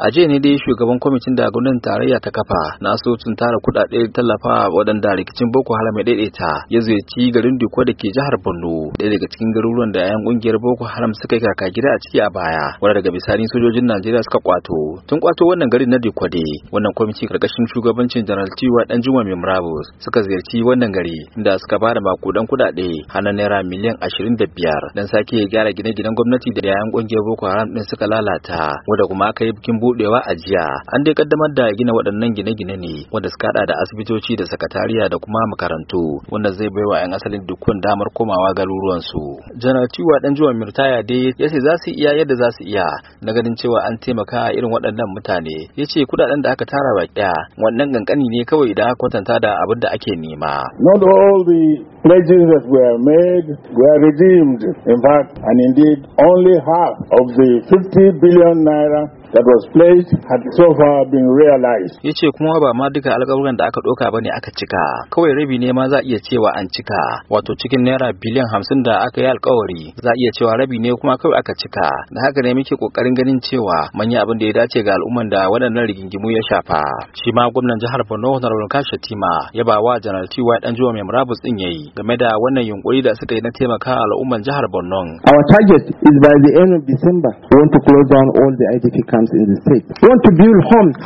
a jiya ne dai shugaban kwamitin da gwamnatin tarayya ta kafa na asusun tara kudade tallafa waɗanda rikicin boko haram ya daidaita ya ziyarci garin duko da ke jihar borno ɗaya daga cikin garuruwan da 'yan ƙungiyar boko haram suka yi kaka gida a ciki a baya wanda daga bisani sojojin najeriya suka kwato tun kwato wannan garin na duko wannan kwamiti karkashin shugabancin janar tiwa dan juma mai murabus suka ziyarci wannan gari inda suka ba da makudan kudade hana naira miliyan ashirin da biyar don sake gyara gine-ginen gwamnati da yayan ƙungiyar boko haram ɗin suka lalata wanda kuma aka yi bikin budewa a jiya an dai kaddamar da gina waɗannan gine-gine ne wanda suka hada da asibitoci da sakatariya da kuma makarantu wanda zai baiwa 'yan asalin dukkan damar komawa garuruwansu janar tiwa dan juwa mirtaya dai ya ce za su iya yadda za su iya na ganin cewa an taimaka irin waɗannan mutane yace ce kuɗaɗen da aka tara baƙiya wannan kankani ne kawai da aka kwatanta da abin da ake nema not all the pledges that were made were redeemed in fact and indeed only half of the 50 billion naira that was pledged had so far been realized. Ya ce kuma ba ma duka alƙawuran da aka ɗauka ne aka cika, kawai rabi ne ma za iya cewa an cika, wato cikin naira biliyan hamsin da aka yi alƙawari za iya cewa rabi ne kuma kawai aka cika, da haka ne muke ƙoƙarin ganin cewa manya abin da ya dace ga al'umman da waɗannan rigingimu ya shafa. Shi ma gwamnan jihar Borno Honorable Kashi Tima ya ba wa General Tiwa jiwa mai murabus ɗin yayi game da wannan yunkuri da suka yi na taimaka al'umman jihar Borno. Our target is by the end of December we want to close down all the IDP farms in the state. We want to build homes,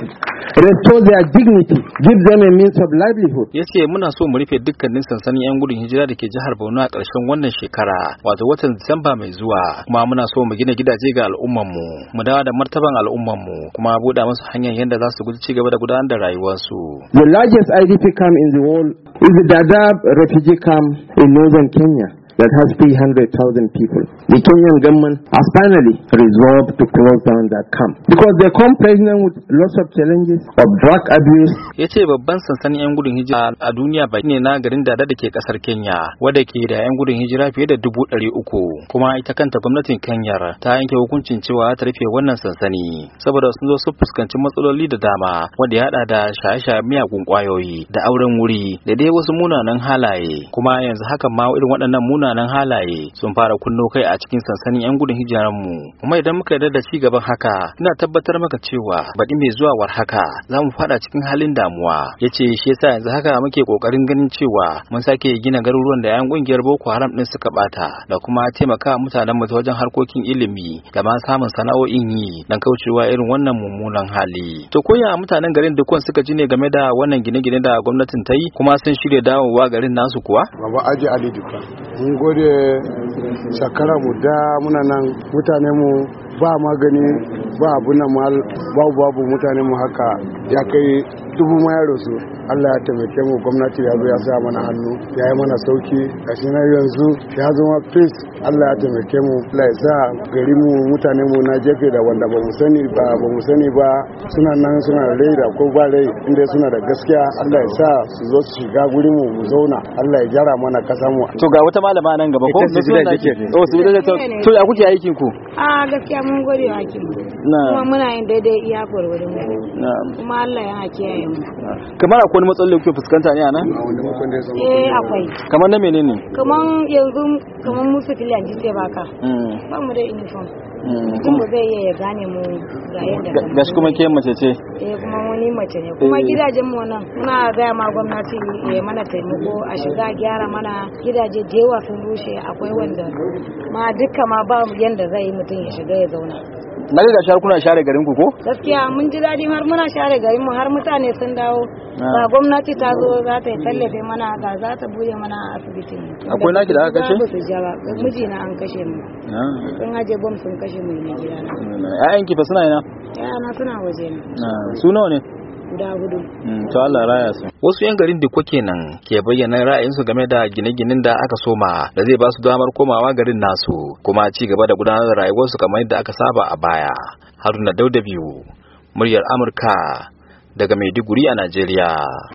restore their dignity, give them a means of livelihood. Ya ce muna so mu rufe dukkanin sansanin 'yan gudun hijira da ke jihar Borno a ƙarshen wannan shekara, wato watan Disamba mai zuwa, kuma muna so mu gina gidaje ga al'ummarmu, mu dawo da martaban al'ummarmu, kuma buɗa musu hanyar yadda za su guji ci gaba da gudanar da rayuwarsu. The largest IDP camp in the world is the Dadaab refugee camp in northern Kenya. that has 300,000 people. The Kenyan government has finally resolved to close down that camp because they come pregnant with lots of challenges of drug abuse. Ya ce babban sansanin 'yan gudun hijira a duniya baki ne na garin Dada da ke kasar Kenya, wadda ke da 'yan gudun hijira fiye da dubu ɗari uku. Kuma ita kanta gwamnatin Kenya ta yanke hukuncin cewa ta rufe wannan sansani saboda sun zo su fuskanci matsaloli da dama wanda ya haɗa da shaye-shaye miyagun kwayoyi da auren wuri da dai wasu munanan halaye. Kuma yanzu hakan ma irin waɗannan munanan munanan halaye sun fara kunno kai a cikin sansanin 'yan gudun hijiran mu kuma idan muka yarda da ci gaban haka ina tabbatar maka cewa baɗi mai zuwa war haka za mu fada cikin halin damuwa yace shi yasa yanzu haka muke kokarin ganin cewa mun sake gina garuruwan da 'yan ƙungiyar boko haram ɗin suka ɓata da kuma taimaka mutanen mu wajen harkokin ilimi da ma samun sana'o'in yi dan kaucewa irin wannan mummunan hali to koya mutanen garin dukkan suka ji ne game da wannan gine-gine da gwamnatin ta yi kuma sun shirya dawowa garin nasu kuwa baba aji ali dukkan mun gode mu da muna nan mutane mu ba magani ba abu na babu babu mutane mu haka ya kai dubu ma yaro su Allah ya taimake mu gwamnati ya zo ya sa mana hannu ya yi mana sauki a na yanzu ya zama peace Allah ya taimake mu Allah ya sa gari mu mutane mu na jefe da wanda ba mu sani ba ba mu sani ba suna nan suna rai da ko ba rai inda suna da gaskiya Allah ya sa su zo su shiga guri mu mu zauna Allah ya gyara mana kasa mu to ga wata malama nan gaba ko su da take to su da to ya kuke aikin ku a ah, gaskiya mun gode wa hakim kuma muna yin daidai iya mu kuma Allah ya hake yayin mu kamar akwai wani matsalolin kuke fuskanta ne ana eh akwai kamar na menene kamar yanzu kamar musu filanji sai baka mm. ba mu da uniform kuma zai iya ya gane mu ga yadda kuma ke mace ce eh, kuma wani mace ne kuma eh. gidajen mu nan muna gaya ma gwamnati ya eh, mana taimako a shiga gyara mana gidaje da yawa sun rushe akwai wanda ma duka ma ba yadda zai mutum ya shiga ya zauna na ga shar kuna share garin ku ko gaskiya mun ji dadi har muna share garin mu har mutane sun dawo ah. ba gwamnati ta zo za ta tallafe mana ga za ta buye mana asibitin akwai naki da aka kashe ba su ja ba miji na an kashe mu ah. sun aje bom sun kashe mu ne ya yanki fa suna ina ƴaƴana suna waje ne ah, su nawa ne guda hudu. Mm, to Allah raya su. Wasu 'yan garin diko kenan ke bayyana ra'ayinsu game da gine-ginen da aka soma da zai ba su damar komawa garin nasu kuma ci gaba da gudanar da rayuwarsu kamar yadda aka saba a baya. Haruna Dauda biyu, muryar Amurka daga Maiduguri a Najeriya.